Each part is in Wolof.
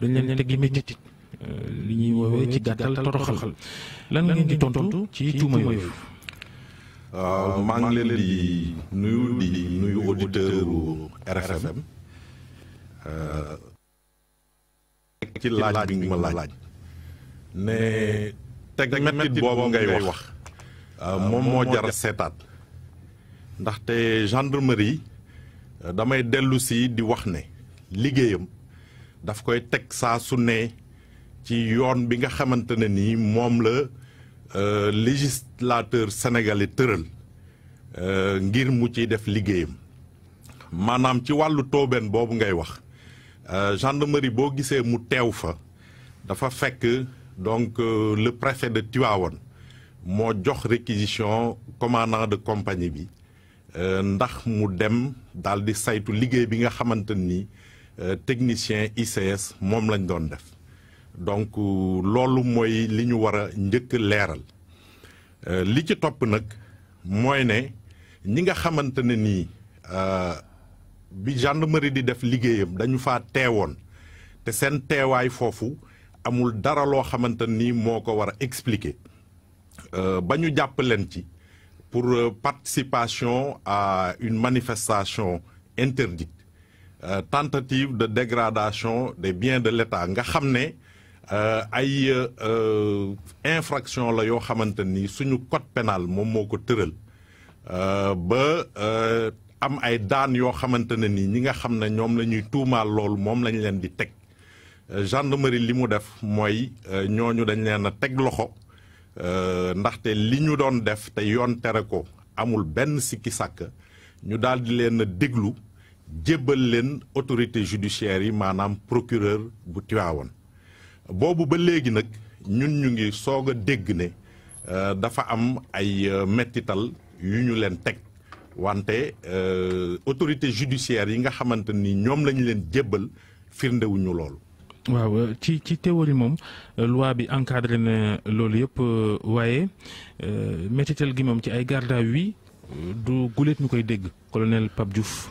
dañ leen teg métit euh, li ñuy woowee ci gàttal toroxal lan ngeen di tontu ci tuuma yooyu. Euh, maa ngi leen di nuyu di nuyu auditeur bu RFM. Euh, ci laaj bi nga ma laaj. ne teg métit boobu ngay wax. moom moo jar seetaat. ndaxte gendarmerie damay dellu si di wax ne liggéeyam. daf koy teg saa su ne ci yoon bi nga xamante ne nii moom la euh, législateur sénégalais tëral euh, ngir mu ci def liggéeyam maanaam ci wàllu tóobeen boobu ngay wax euh, gendarmerie boo gisee mu teew fa dafa fekk donc le préfet de Tivaouane moo jox réquisition commandant de compagnie bi ndax mu dem daal di saytu liggéey bi nga xamante nii Euh, technicien ICS mom lañ doon def donc euh, lolu moy liñu wara ñëk léral euh li ci top nak ne ñi nga euh, gendarmerie di def ligéyam dañu fa téwon té sen téway fofu amul dara expliquer euh pour participation à une manifestation interdite euh, tentative de dégradation des biens de l'État nga xamné ne euh, ay euh, infraction la yo xamanteni suñu code pénal mom Nous teurel euh ba am ay daan yo xamanteni ñi nga xamné ne Nous la lool mom lañ leen di gendarmerie li def moy ñoñu dañ leen Nous ndaxte li doon def ko amul Ben sikki sak ñu Nous leen jébbal leen autorité judiciaire yi maanaam procureur bu tiwaawan boobu ba léegi nag ñun ñu ngi soog a dégg ne euh, dafa am ay euh, mettital yu ñu leen teg wante euh, autorité judiciaire yi nga xamante ni ñoom lañu leen jébbal firndewuñu loolu waaw ci ci théorie moom loi bi encadré na loolu yëpp waaye mettital gi moom ci ay garde yi vue du guléet ñu koy dégg colonel Pape Diouf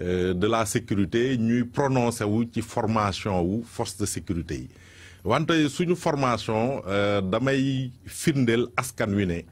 Euh, de la sécurité ñuy prononcé wu ci formation wu force de sécurité yi wante suñu formation euh, damay firndeel askan wi ne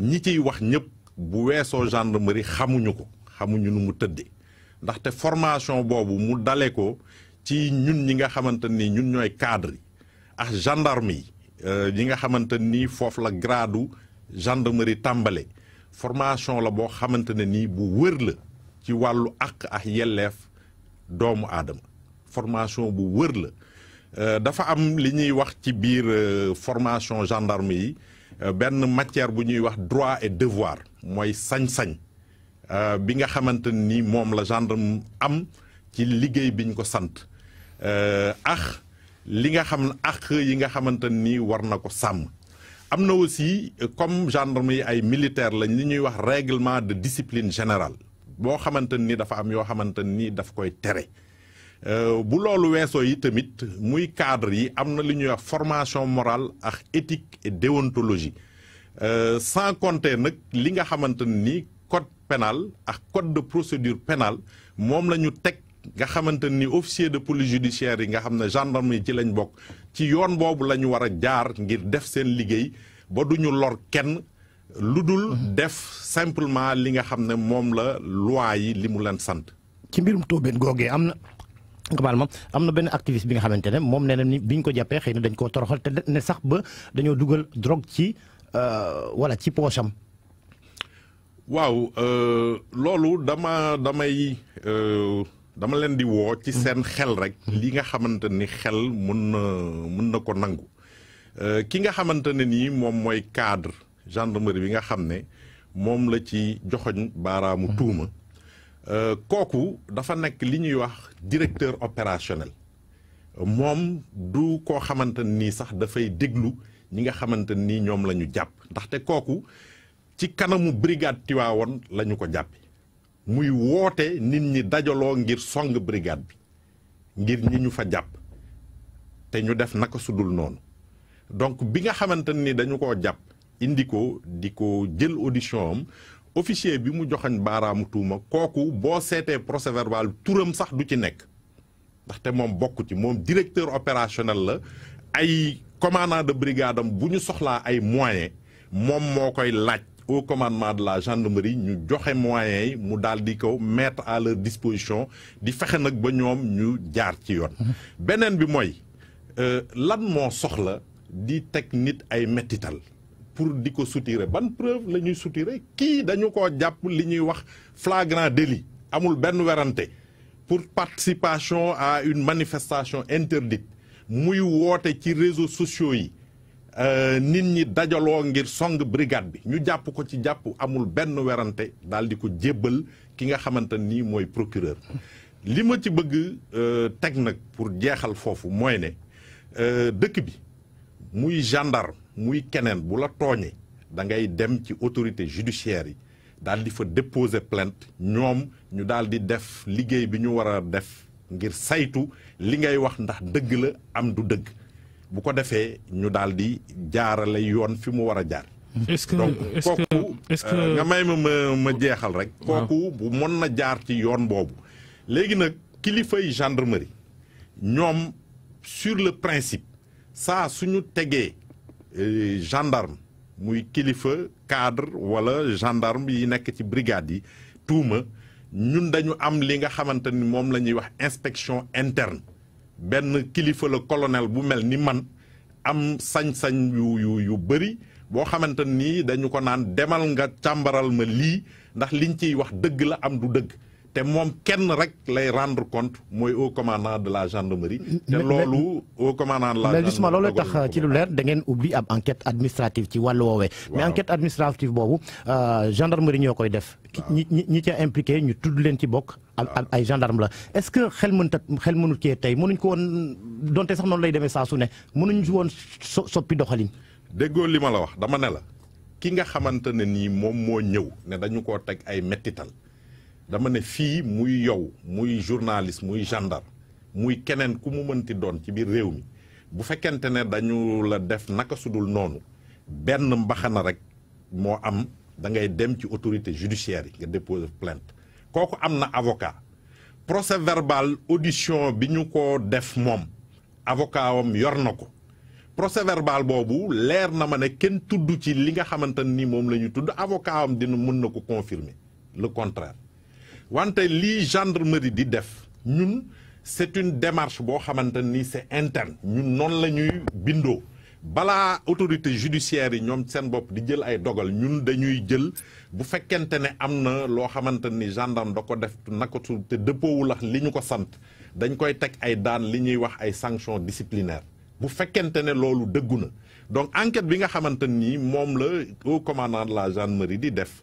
ñi ciy wax ñëpp bu weesoo gendarmerie xamuñu ko xamuñu nu mu tëddee ndaxte formation boobu mu dale ko ci ñun ñi nga xamante ni ñun ñooy cadre yi ak gendarme yi euh, ñi nga xamante ni foofu la gradu gendarmerie tàmbale formation la boo xamante ne nii bu wër la ci wàllu àq ak yelleef doomu aadama formation bu wër la euh, dafa am li ñuy wax ci biir euh, formation gendarme yi euh, benn matière bu ñuy wax droit et devoir mooy sañ-sañ bi nga xamante ni moom la gendarme am ci liggéey biñ ko sant ak li nga xam ne ak yi nga xamante ni war na ko sàmm am na aussi comme gendarme yi ay militaire lañ li ñuy wax règlement de discipline générale boo xamante ni dafa am yoo xamante ni daf koy tere euh, bu loolu weesoo yi tamit muy cadre yi am na lu ñuy wax formation morale ak éthique et déontologie euh, sans compter nag li nga xamante ni code pénal ak code de procédure pénale moom la ñu teg nga xamante ni officier de police judiciaire yi nga xam ne gendarme yi ci lañ bokk ci yoon boobu la ñu war a jaar ngir def seen liggéey ba du ñu lor kenn lu dul def simplement li nga xam ne moom la loi yi li mu leen sant. ci mbirum tóobeen googee am na. nga ma am na benn activiste bi nga xamante ne moom nee na ni bi ñu ko jàppee xëy na dañ koo toroxal ne sax ba dañoo dugal drogue ci euh, wala ci poosam. waaw euh, loolu dama damay euh, dama leen di woo. ci seen xel rek. li nga xamante ni xel mën na mën na ko nangu. ki nga xamante ne nii moom mooy cadre. gendarmerie bi nga xam mom la ci baramu mhm. touma euh koku dafa nek li ñuy wax directeur opérationnel mom du ko xamanteni nii sax fay deglu ñi nga xamanteni nii ñoom la ñu jàpp ndaxte ci kanamu brigade tiwawon la ko jàppe muy wote nit ñi dajalo ngir song brigade bi ngir ñi ñu fa japp te ñu def naka sudul non. donc bi nga xamanteni dañu ko japp indiko diko jël audition am officier bi mu joxañ baaraamu tuuma koku bo sété procès verbal touram sax du ci ndax té mom bokku ci mom directeur opérationnel la ay commandant de brigade am buñu soxla ay moyen mon moo koy au commandement de la gendarmerie ñu joxe moyens mu daldi ko mettre à leur disposition di fexé nak ba ñom ñu jaar ci yoon benen bi euh lan mo soxla di tek nit ay metital pour dico soutirer ban preuve nous soutirer dañu ko délit amul pour participation à une manifestation interdite muy woté ci réseaux sociaux yi euh, nit ñi brigade ñu ko amul ben ki nga ni procureur li ci euh, pour nous moy né muy gendarme muy keneen bu la tooñe da ngay dem ci autorité judiciaire yi daal di fa déposer plainte ñoom ñu daal di def liggéey bi ñu war a def ngir saytu li ngay wax ndax dëgg la am du dëgg bu ko defee ñu daal di jaarale yoon fi mu war a jaar. est-ce que donc kooku euh, nga may ma ma ma jeexal rek. Ah. kooku bu mën na jaar ci yoon boobu. léegi nag kilifay gendarmerie ñoom sur le principe saa suñu tegee. Euh, gendarme muy kilifa cadre wala gendarme yi nekk ci brigade yi tuuma ñun dañu am li nga xamante ni moom la ñuy wax inspection interne benn kilifa la kolonel bu mel ni man am sañ-sañ yu yu yu bëri boo xamante nii dañu ko naan demal nga càmbaral ma lii ndax liñ ciy wax dëgg la am du dëgg te moom kenn rek lay rendre compte mooy haut commandant de la gendarmerie. te loolu haut commandant de la gendarmerie mais justement loolu tax ci lu leer da ngeen ubbi ab enquête administrative ci wàllu woowee. mais enquête administrative boobu euh, gendarmerie ñoo koy def. ñi ñi ñi ca impliqué ñu tudd leen ci bokk. ak ay gendarme la est-ce que xel mënut xel mënut cee tey mënuñ ko woon donte sax noonu lay demee saa su ne mënuñ woon so soppi doxalin. déggoo li ma la wax dama la ki nga xamante ne nii moom moo ñëw ne dañu koo teg ay mettital dama ne fii muy yow muy journaliste muy gendarme muy keneen ku mu mënti doon ci biir réew mi bu fekkente ne dañu la def naka sudul noonu benn mbaxana rek moo am da ngay dem ci autorité judiciaire yi nga déposer plainte kooku am na avocat procès verbal audition bi ñu ko def moom avocat yor na ko procès verbal boobu leer na ma ne kenn tudd ci li nga xamante ni moom la ñu tudd avocat wam dina mën na ko confirmer le contraire wante li gendarmerie di def c'est une démarche bo c'est interne Nous non sommes pas Bala autorité judiciaire yi ñoom seen di jël dogal ñun dañuy jël bu ne amna gendarme da def nakatu te ak ko dañ koy sanctions disciplinaires bu ne donc enquête bi nga xamanteni la au commandant de la gendarmerie di def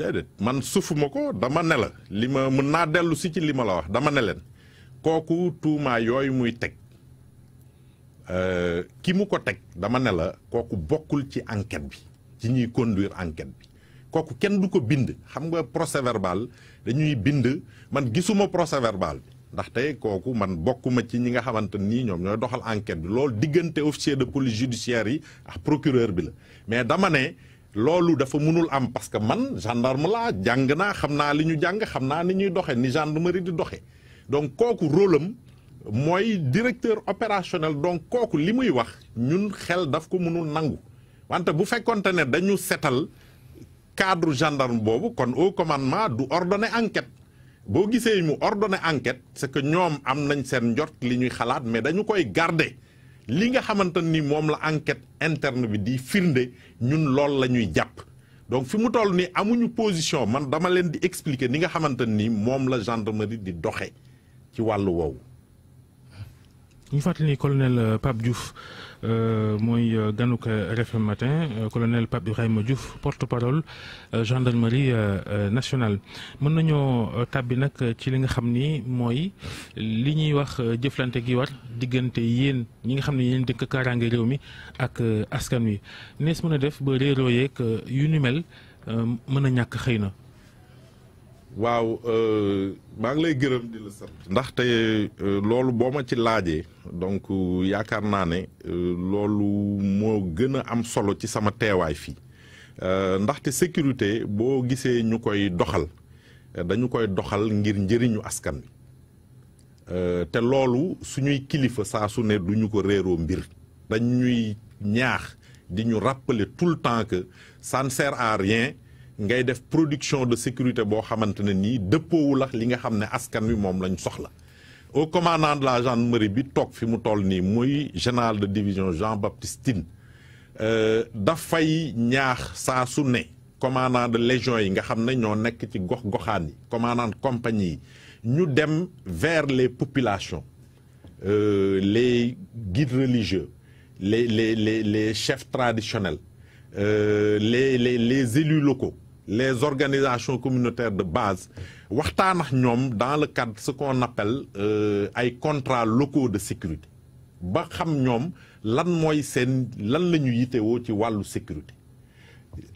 déedéet man suufuma ko dama ne la li ma mën naa dellusi ci li ma la wax dama ne leen kooku tuumaa yooyu muy teg euh, ki mu ko teg dama ne la kooku bokkul ci enquête bi ci ñuy conduire enquête bi kooku kenn du ko bind xam nga procès verbal dañuy bind man gisuma procès verbal bi ndaxte kooku man bokkuma ci ñi nga xamante nii ñoom ñooy doxal enquête bi loolu diggante officier de police judiciaire yi ak procureur bi la mais dama ne loolu dafa mënul am parce que man gendarme laa jàng naa xam naa li ñu jàng xam naa ni ñuy doxe ni gendarmerie di doxe donc kooku rôle mooy directeur opérationnel donc kooku li muy wax ñun xel daf ko mënul nangu wante bu fekkonte ne dañu setal cadre gendarme boobu kon au commandement du ordonné enquête boo gisee mu ordonné enquête c'est que ñoom am nañ seen njot li ñuy xalaat mais dañu koy garde li nga xamanteni ni moom la enquête interne bi di firnde ñun lool lañuy japp Dong, donc fi mu toll ni amuñu position man dama leen di expliquer ni nga xamanteni ni moom la gendarmerie di doxé ci walu wowo ñu fàttali ni colonel euh, Pape Diouf euh, mooy euh, ganuk RFM matin colonel Pape Ibrahima Diouf porte-parole gendarmerie nationale mën nañoo tàbbi nak ci li nga xamni moy mooy li ñuy wax jëflante gi war diggante yeen ñi nga xamni ne yéen dëkk kaaraange réew mi ak askan wi nees mën def ba réroyé que yu ñu mel mëna ñak xeyna waaw euh, maa ngi lay gërëm di la sant ndaxte euh, loolu boo ma ci laajee donc yaakaar naa ne euh, loolu moo gën a am solo ci sama teewaay fii ndaxte sécurité boo gisee ñu koy doxal dañu koy doxal ngir njëriñu askan bi te loolu suñuy kilifa saa su ne duñu ko réeroo mbir dañuy ñaax di ñu rappeler tout le temps que ça ne sert ngay def production de sécurité bo xamantene ni nii dëppoowul li nga xamné askan wi mom lañ soxla au commandant de la gendarmerie bi tok fi mu toll ni moy général de division Jean Baptiste euh, da fay ñaax sa su commandant de légion yi nga xam ne ñoo nekk ci gox goxani commandant compagnie ñu dem vers les populations euh, les guides religieux les les les les chefs traditionnels euh, les les les élus locaux les organisations communautaires de base waxtaan ak ñoom dans le cadre ce qu'on appelle euh, ay contrats locaux de sécurité ba xam ñoom lan mooy seen lan la ñu yitewoo ci wàllu sécurité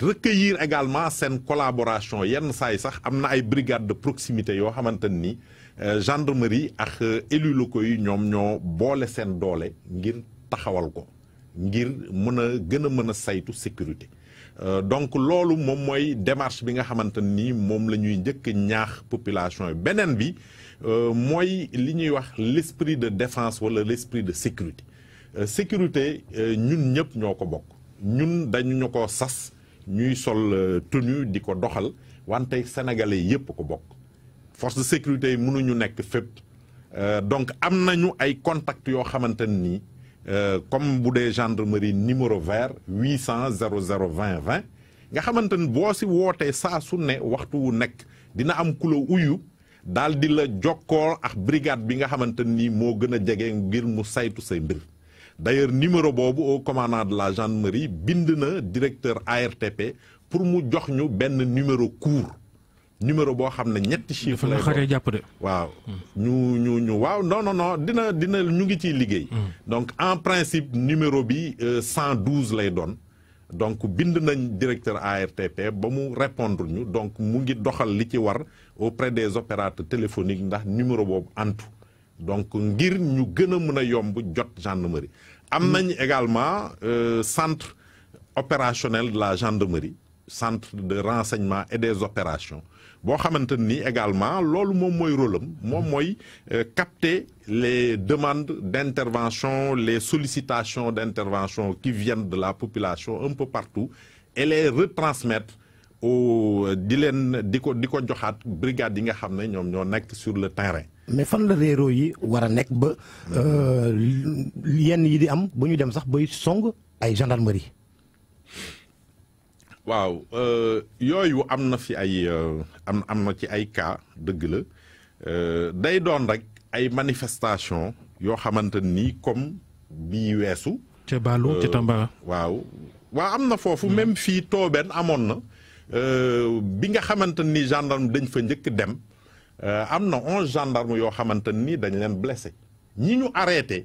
recueillir également seen collaboration yenn saay sax am na ay brigades de proximité yoo xamante ni euh, gendarmerie ak euh, élus locaux yi ñoom ñoo boole seen doole ngir taxawal ko ngir mun a gën a mën a saytu sécurité Euh, donc loolu mom moy démarche bi nga xamante mom lañuy la ñaax population benen bi euh, mooy li ñuy wax l'esprit de défense wala l'esprit de sécurité euh, sécurité ñun ñëpp ñoko bok ñun dañu ñu sas ñuy sol tenue diko doxal wante sénégalais yépp ko bok force de sécurité mënu ñu nekk fépp donc am ay contact yo xamante euh, comme vous marie gendarmerie numéro vert 800 0020, 20 nga si waxtu dina am uyu di la jokkol ak brigade bi nga ni mo a ngir mu d'ailleurs numéro au commandant de la gendarmerie bind directeur ARTP pour mu jox ñu numéro court numéro bo ne chiffre lay waaw hmm. ñu ñu non non non dina dina ñu ngi ci liggéey hmm. donc en principe numéro bi 112. Euh, lay donc bind nañ directeur ARTP ba mu répondre ñu donc mu ngi doxal li ci war auprès des opérateurs téléphoniques ndax numéro bob antu donc ngir ñu gën mëna yomb jot gendarmerie am hmm. également euh, centre opérationnel de la gendarmerie centre de renseignement et des opérations boo xamante également lolu mom moy rôleum mom moy euh, capter les demandes d'intervention les sollicitations d'intervention qui viennent de la population un peu partout et les retransmettre au euh, di leen diko brigade yi nga ñoo sur le terrain. mais fan la réeroo yi wara a nekk ba euh, yenn yi di am buñu dem sax bay song ay gendarmerie. waaw euh, yooyu am na fi ay euh, am am na ci ay cas dëgg la euh, day doon rek ay manifestation yoo xamante nii comme bii weesu. ca Baalu waaw waa am na foofu hmm. même fii Tooben amoon na bi nga xamante ni gendarme dañ fa njëkk dem am na onze gendarme yoo xamante nii dañ leen blessé ñi ñu arrêté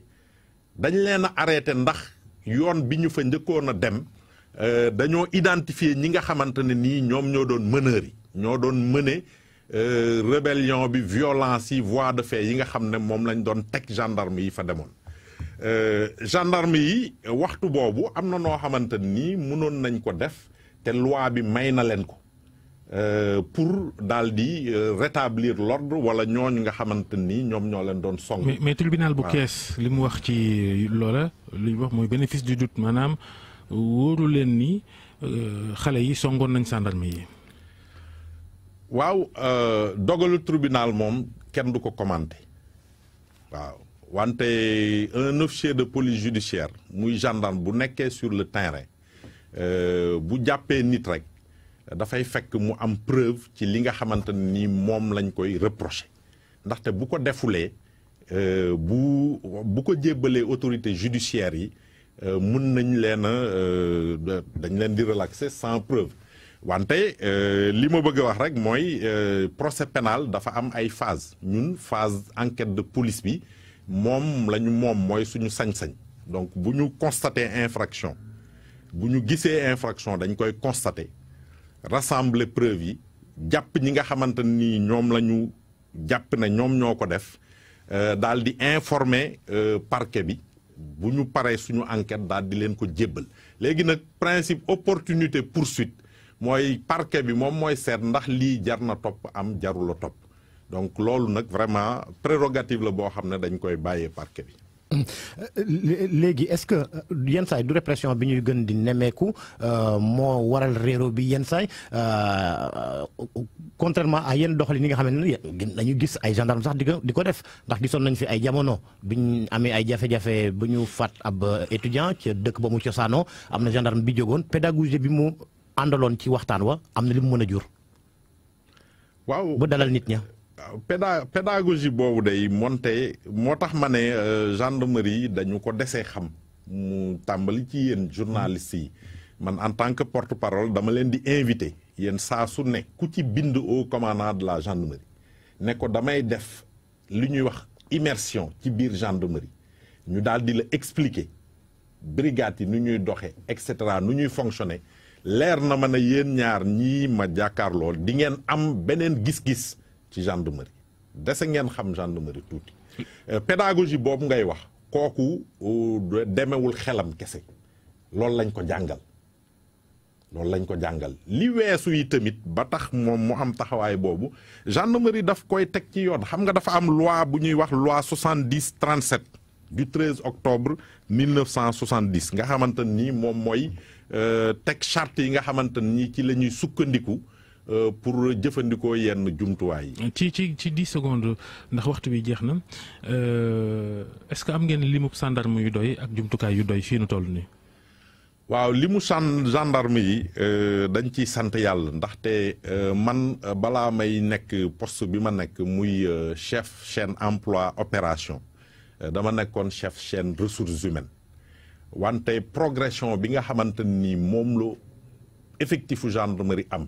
dañ leen a arrêté ndax yoon bi ñu fa njëkkoon a dem. Euh, dañoo identifier ñi nga xamante ne nii ñoom ñoo doon meneur ñoo doon mëne euh, rébellion bi violence yi voie de fait yi nga xam ne moom lañ doon teg gendarme yi fa demoon euh, gendarme yi waxtu boobu am na noo xamante nii mënoon nañ ko def te loi bi may na leen ko pour daal di rétablir l'ordre wala ñooñu nga xamante nii ñoom ñoo leen doon song mais tribunal bu kees li mu wax ci loola li mu wax mooy bénéfice du doute maanaam wóoru leen ni euh, xale yi euh, tribunal wante un officier de police judiciaire muy gendarme bu sur le terrain euh, bu jàppee nit rek dafay fekk mu am preuve ci li nga xamante ni lañ koy reproché ndaxte bu ko bu bu autorité euh, mun nañ leen a euh, dañ sans preuve wante euh, li bëgg procès pénal dafa am phase phase enquête de police bi donc bu nous constater infraction bu nous infraction dañ koy constater rassembler preuve yi ñi nga di parquet bu ñu paree suñu enquête daal di leen ko jébbal léegi nag principe opportunité poursuite mooy parke bi moom mooy seet ndax lii jar na topp am jarula topp donc loolu nag vraiment prérogative la boo xam ne dañ koy bàyyee parquet bi Euh, léegi est-ce que euh, yenn saay du répression bi ñuy gën di nemeeku euh, moo waral réero bi yenn saay contrairement à yenn doxalin yi nga xam ne dañu gis ay gendarme sax di ko di ko def ndax gisoon nañ fi ay jamono ñu amee ay jafe-jafe bu ñu faat ab étudiant ci dëkk ba mu cosaanoo am na gendarme bi jógoon pédagogie bi mu àndaloon ci waxtaan wa am na li mu mën a jur. waaw ba dalal nit ña. waaw pédagogie boobu day monte moo tax ma euh, gendarmerie dañu ko déssé xam mu tambali ci yéen journalistes yi man en tant que porte-parole dama leen di invité yéen sa su ne ku ci bind au commandant de la gendarmerie né ko damay def li wax immersion ci bir gendarmerie ñu daal di la expliquer brigade, nu ñuy doxe etc nu ñuy fonctionner leer na ma ne ñaar ñi ma jàkkaarloo di ngén am benen gis-gis ci gendarmerie dese ngeen xam gendarmerie tuuti euh, pédagogie boobu ngay wax kooku euh, demewul xelam kese loolu lañ ko jàngal loolu lañ ko jàngal li weesu yi tamit ba tax moom mu am taxawaay boobu gendarmerie daf koy teg ci yoon xam nga dafa am loi bu ñuy wax loi 70 37 du 13 octobre 1970 nga xamante nii moom mooy euh, teg charte yi nga xamante nii ci la ñuy sukkandiku Euh, pour jëfandikoo yenn jumtuwaay yi. ci ci ci dix secondes ndax waxtu bi jeex na euh, est-ce que am ngeen limub gendarme yu doy ak jumtukaay yu doy fii tool nii. waaw li mu san gendarme yi euh, dañ ciy sant yàlla ndaxte man balaa may nekk post bi ma nekk muy chef chaîne emploi opération dama nekkoon chef chaîne ressources humaines wante progression bi nga xamante ni moom la effectifu gendarmerie am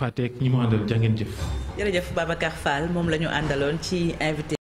Fatek ñi mu àndal jàngeen jëf jërëjëf Babacar Fall moom la àndaloon ci invité